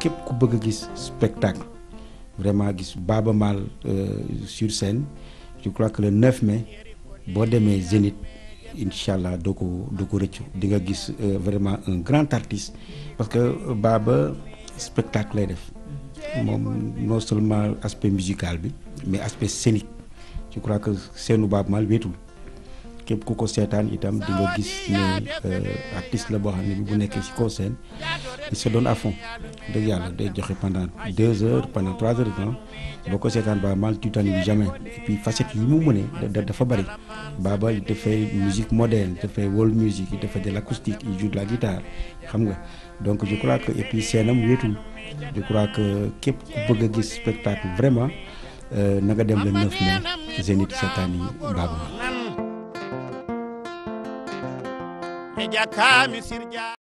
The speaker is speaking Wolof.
képp ku bëgg a gis spectacle vraiment gis Baaba Maal euh, sur scène je crois que le 9 mai boo demee Zénith incha allah doo ko doo ko rëccu di nga gis euh, vraiment un grand artiste parce que Baaba spectacle lay def moom non seulement aspect musical bi mais aspect scénique je crois que seenu Baaba Maal wéetul képp ku ko seetaan itam di nga gis ne euh, artiste la boo xam ne bi bu nekkee ci kaw scène il se donne à fond dëgg yàlla day joxe pendant deux heures pendant trois heures de boo ko seetaan Baaba Maal tu t'ennuies jamais et puis facette yi mu mënee dafa bëri Baaba il te musique moderne il world music il te fait de l'acoustique il joue de la guitare xam nga donc je crois que et puis seenam wéetul je crois que képp ku bëgg a gis spectacle vraiment euh, nanga dem le 9 mai Zénith seetaan yi Baaba Maal